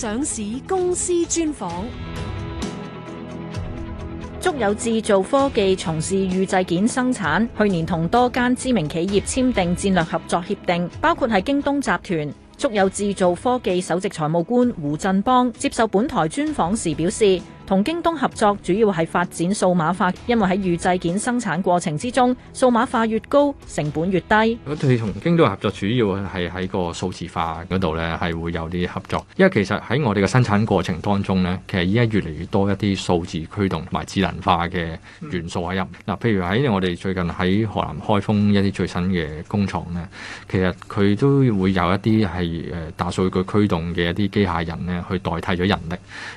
上市公司專訪，築友智造科技從事預製件生產，去年同多間知名企業簽訂戰略合作協定，包括係京東集團。築友智造科技首席財務官胡振邦接受本台專訪時表示。同京東合作主要係發展數碼化，因為喺預製件生產過程之中，數碼化越高，成本越低。我哋同京東合作主要係喺個數字化嗰度咧，係會有啲合作。因為其實喺我哋嘅生產過程當中咧，其實依家越嚟越多一啲數字驅動同埋智能化嘅元素喺入。嗱，譬如喺我哋最近喺河南開封一啲最新嘅工廠咧，其實佢都會有一啲係誒大數據驅動嘅一啲機械人咧，去代替咗人力，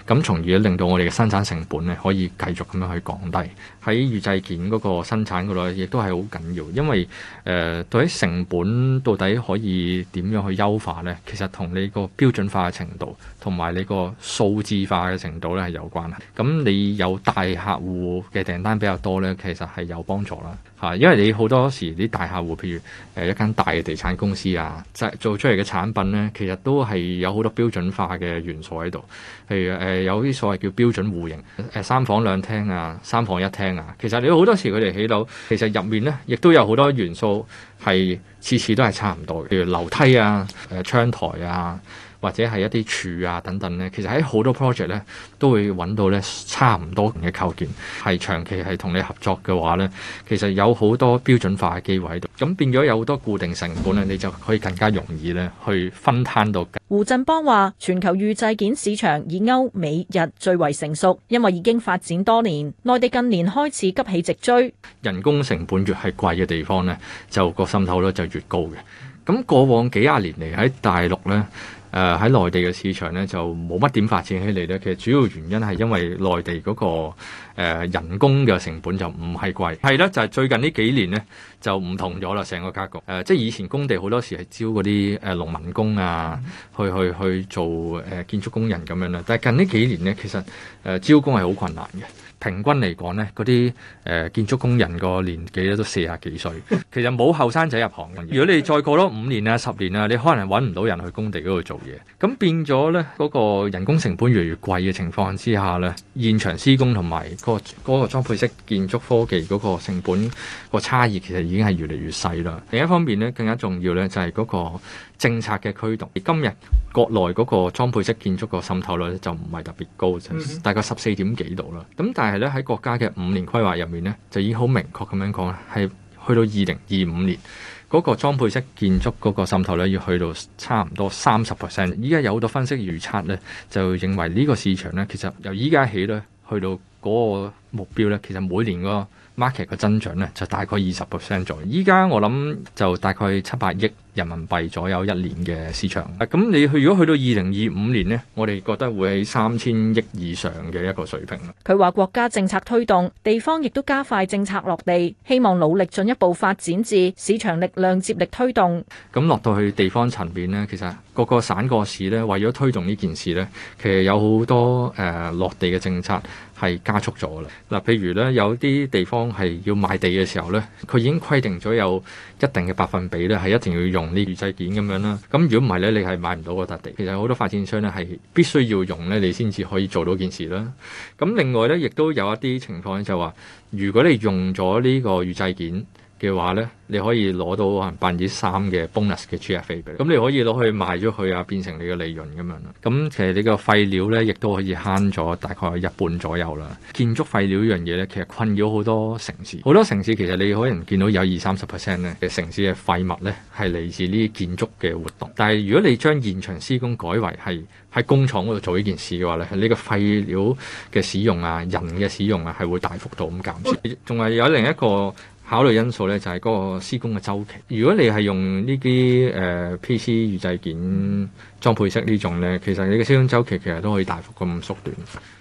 咁從而令到我哋嘅生生產成本咧可以繼續咁樣去降低，喺預製件嗰個生產嗰度亦都係好緊要。因為誒，對、呃、喺成本到底可以點樣去優化呢？其實同你個標準化嘅程度，同埋你個數字化嘅程度咧係有關啊。咁你有大客戶嘅訂單比較多呢，其實係有幫助啦，嚇。因為你好多時啲大客戶，譬如誒一間大嘅地產公司啊，即係做出嚟嘅產品呢，其實都係有好多標準化嘅元素喺度，譬如誒、呃、有啲所謂叫標準。戶型，誒三房兩廳啊，三房一廳啊，其實你好多時佢哋起樓，其實入面呢亦都有好多元素係次次都係差唔多嘅，譬如樓梯啊、誒窗台啊。或者係一啲柱啊等等呢，其實喺好多 project 呢都會揾到呢差唔多嘅構件。係長期係同你合作嘅話呢，其實有好多標準化嘅機會喺度，咁變咗有好多固定成本呢，你就可以更加容易呢去分攤到。胡振邦話：全球預製件市場以歐美日最為成熟，因為已經發展多年。內地近年開始急起直追，人工成本越係貴嘅地方呢，就個滲透率就越高嘅。咁過往幾廿年嚟喺大陸呢。誒喺內地嘅市場咧，就冇乜點發展起嚟咧。其實主要原因係因為內地嗰個、那個、呃、人工嘅成本就唔係貴，係啦，就係、是、最近呢幾年咧就唔同咗啦，成個格局。誒、呃、即係以前工地好多時係招嗰啲誒農民工啊，去去去做誒、呃、建築工人咁樣啦。但係近呢幾年咧，其實誒、呃、招工係好困難嘅。平均嚟講呢，嗰啲誒建築工人個年紀咧都四十幾歲，其實冇後生仔入行。如果你再過多五年啊、十年啊，你可能揾唔到人去工地嗰度做嘢。咁變咗呢，嗰、嗰個人工成本越嚟越貴嘅情況之下呢，現場施工同埋、嗰個嗰、嗰個裝配式建築科技嗰個成本個差異其實已經係越嚟越細啦。另一方面呢，更加重要咧就係、係、嗰、嗰個。政策嘅驅動，而今日國內嗰個裝配式建築個滲透率就唔係特別高，mm hmm. 大概十四點幾度啦。咁但係呢，喺國家嘅五年規劃入面呢，就已經好明確咁樣講啦，係去到二零二五年嗰、嗰個裝配式建築嗰個滲透率要去到差唔多三十 percent。依家有好多分析預測呢，就認為呢個市場呢，其實由依家起呢，去到。嗰個目標咧，其實每年個 market 嘅增長咧，就大概二十 percent 左右。依家我諗就大概七百億人民幣左右一年嘅市場。咁你去如果去到二零二五年呢，我哋覺得會喺三千億以上嘅一個水平。佢話國家政策推動，地方亦都加快政策落地，希望努力進一步發展至市場力量接力推動。咁落到去地方層面呢，其實各個省各市呢，為咗推動呢件事呢，其實有好多誒、呃、落地嘅政策。係加速咗啦！嗱，譬如咧有啲地方係要買地嘅時候咧，佢已經規定咗有一定嘅百分比咧，係一定要用呢預製件咁樣啦。咁如果唔係咧，你係買唔到嗰笪地。其實好多發展商咧係必須要用咧，你先至可以做到件事啦。咁另外咧，亦都有一啲情況咧就係話，如果你用咗呢個預製件嘅話咧，你可以攞到可能百分之三嘅 bonus 嘅 GFA 俾你，咁你可以攞去賣咗佢啊，變成你嘅利潤咁樣啦。咁其實你個廢料呢，亦都可以慳咗大概一半左右啦。建築廢料呢樣嘢呢，其實困擾好多城市，好多城市其實你可能見到有二三十 percent 呢嘅城市嘅廢物呢，係嚟自呢啲建築嘅活動。但係如果你將現場施工改為係喺工廠嗰度做呢件事嘅話呢，呢個廢料嘅使用啊、人嘅使用啊，係會大幅度咁減少。仲係、哦、有另一個考慮因素咧就係、是、嗰個施工嘅周期。如果你係用呢啲誒 PC 預製件，裝配式呢種呢，其實你嘅資金周期其實都可以大幅咁縮短。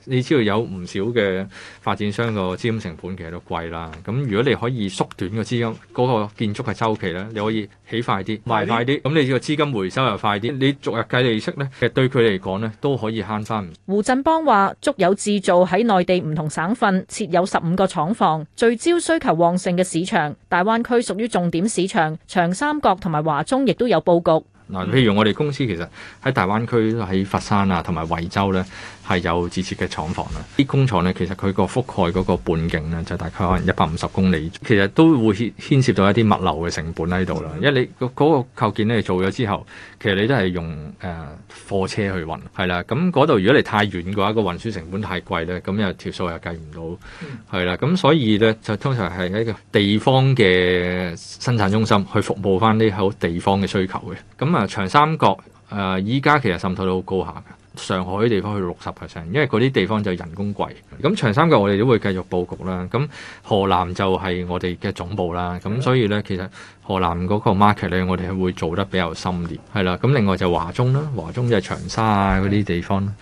你知道有唔少嘅發展商個資金成本其實都貴啦。咁如果你可以縮短個資金嗰、嗰個建築嘅周期咧，你可以起快啲、賣快啲，咁你個資金回收又快啲。你逐日計利息呢，其實對佢嚟講呢都可以慳翻。胡振邦話：築友智造喺內地唔同省份設有十五個廠房，聚焦需求旺盛嘅市場，大灣區屬於重點市場，長三角同埋華中亦都有佈局。嗱，譬如我哋公司其實喺大灣區、喺佛山啊，同埋惠州呢。係有自設嘅廠房啦，啲工廠咧，其實佢個覆蓋嗰個半徑咧就大概可能一百五十公里，其實都會牽涉到一啲物流嘅成本喺度啦，嗯、因為你嗰、那個構件咧做咗之後，其實你都係用誒、呃、貨車去運，係啦，咁嗰度如果你太遠嘅話，個運輸成本太貴咧，咁又條數又計唔到，係啦、嗯，咁所以咧就通常係喺個地方嘅生產中心去服務翻呢個地方嘅需求嘅，咁啊，長三角誒依家其實滲透都好高下上海啲地方去六十 percent，因為嗰啲地方就人工貴，咁長三角我哋都會繼續布局啦。咁河南就係我哋嘅總部啦。咁所以咧，其實河南嗰個 market 咧，我哋係會做得比較深啲，係啦。咁另外就華中啦，華中就係長沙啊嗰啲地方，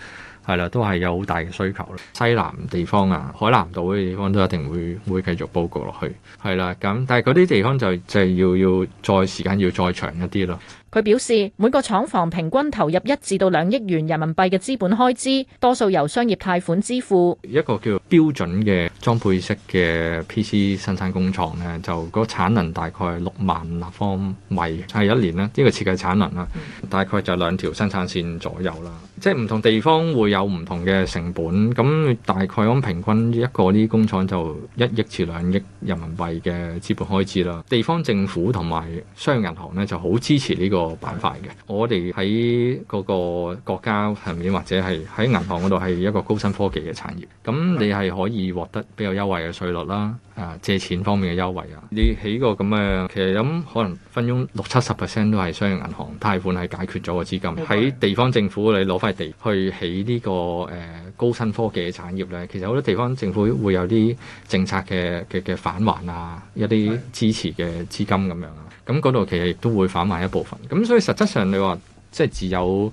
係啦，都係有好大嘅需求啦。西南地方啊，海南島嗰啲地方都一定會會繼續布局落去，係啦。咁但係嗰啲地方就就係要要再時間要再長一啲咯。佢表示每個廠房平均投入一至到兩億元人民幣嘅資本開支，多數由商業貸款支付。一個叫做標準嘅裝配式嘅 PC 生產工廠咧，就個產能大概六萬立方米係、就是、一年啦，呢、這個設計產能啦，大概就兩條生產線左右啦。即係唔同地方會有唔同嘅成本，咁大概咁平均一個呢工廠就一億至兩億人民幣嘅資本開支啦。地方政府同埋商業銀行呢就好支持呢、這個。個板塊嘅，嗯、我哋喺嗰個國家層面或者係喺銀行嗰度係一個高新科技嘅產業，咁你係可以獲得比較優惠嘅稅率啦，啊借錢方面嘅優惠啊，你起個咁嘅，其實咁可能分佣六七十 percent 都係商業銀行貸款係解決咗個資金，喺的地方政府你攞翻地去起呢、這個誒。呃高新科技嘅產業咧，其實好多地方政府會有啲政策嘅嘅嘅返還啊，一啲支持嘅資金咁樣啊，咁嗰度其實亦都會返還一部分。咁所以實質上你話即係自有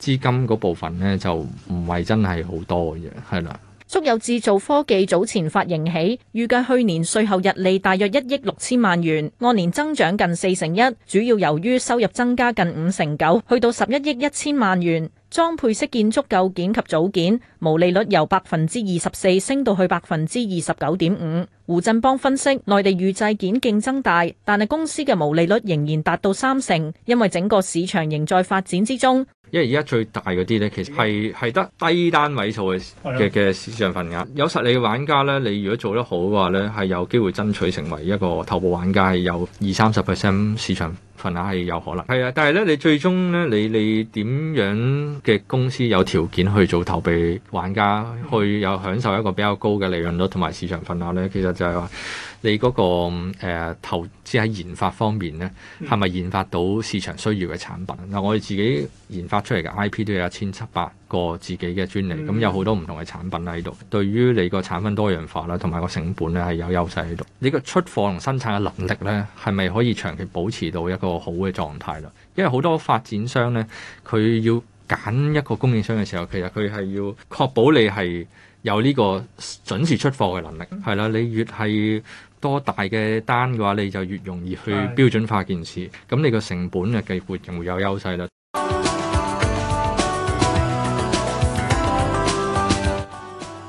資金嗰部分咧，就唔係真係好多嘅，係啦。築友智造科技早前發盈喜，預計去年稅後溢利大約一億六千萬元，按年增長近四成一，主要由於收入增加近五成九，去到十一億一千萬元。裝配式建築構件及組件，毛利率由百分之二十四升到去百分之二十九點五。胡振邦分析，內地預製件競爭大，但係公司嘅毛利率仍然達到三成，因為整個市場仍在發展之中。因為而家最大嗰啲咧，其實係係得低單位數嘅嘅嘅市場份額。的有實力嘅玩家咧，你如果做得好嘅話咧，係有機會爭取成為一個頭部玩家，係有二三十 percent 市場份額係有可能。係啊，但係咧，你最終咧，你你點樣嘅公司有條件去做頭部玩家，去有享受一個比較高嘅利潤率同埋市場份額咧？其實就係話你嗰、那個、呃、投資喺研發方面呢係咪、嗯、研發到市場需要嘅產品？嗱、嗯，我哋自己研發出嚟嘅 IP 都有一千七百個自己嘅專利，咁、嗯、有好多唔同嘅產品喺度。對於你個產品多元化啦，同埋個成本咧係有優勢喺度。你個出貨同生產嘅能力呢，係咪可以長期保持到一個好嘅狀態咧？因為好多發展商呢，佢要揀一個供應商嘅時候，其實佢係要確保你係有呢個準時出貨嘅能力，係啦。你越係多大嘅單嘅話，你就越容易去標準化建設，咁你個成本啊，幾乎就會有優勢啦。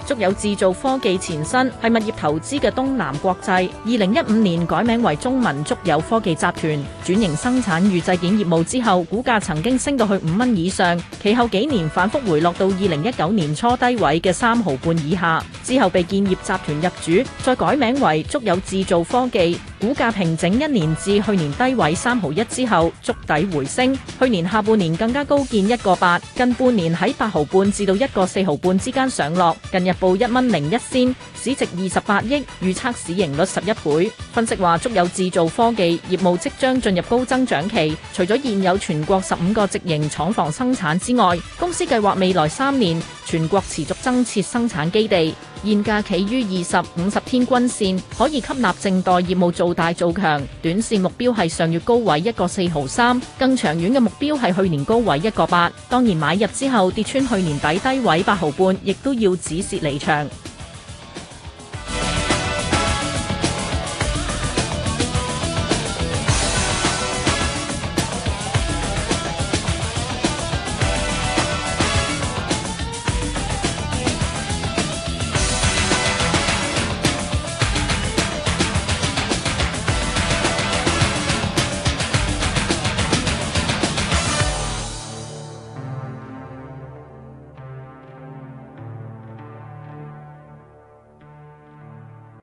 築友智造科技前身係物業投資嘅東南國際，二零一五年改名為中民築友科技集團，轉型生產預製件業務之後，股價曾經升到去五蚊以上，其後幾年反復回落到二零一九年初低位嘅三毫半以下，之後被建業集團入主，再改名為築友智造科技。股價平整一年，至去年低位三毫一之後築底回升。去年下半年更加高見一個八，近半年喺八毫半至到一個四毫半之間上落。近日報一蚊零一仙，市值二十八億，預測市盈率十一倍。分析話，築友智造科技業務即將進入高增長期，除咗現有全國十五個直營廠房生產之外，公司計劃未來三年全國持續增設生產基地。現價企於二十五十天均線，可以吸納正代業務做大做強，短線目標係上月高位一個四毫三，更長遠嘅目標係去年高位一個八。當然買入之後跌穿去年底低位八毫半，亦都要止蝕離場。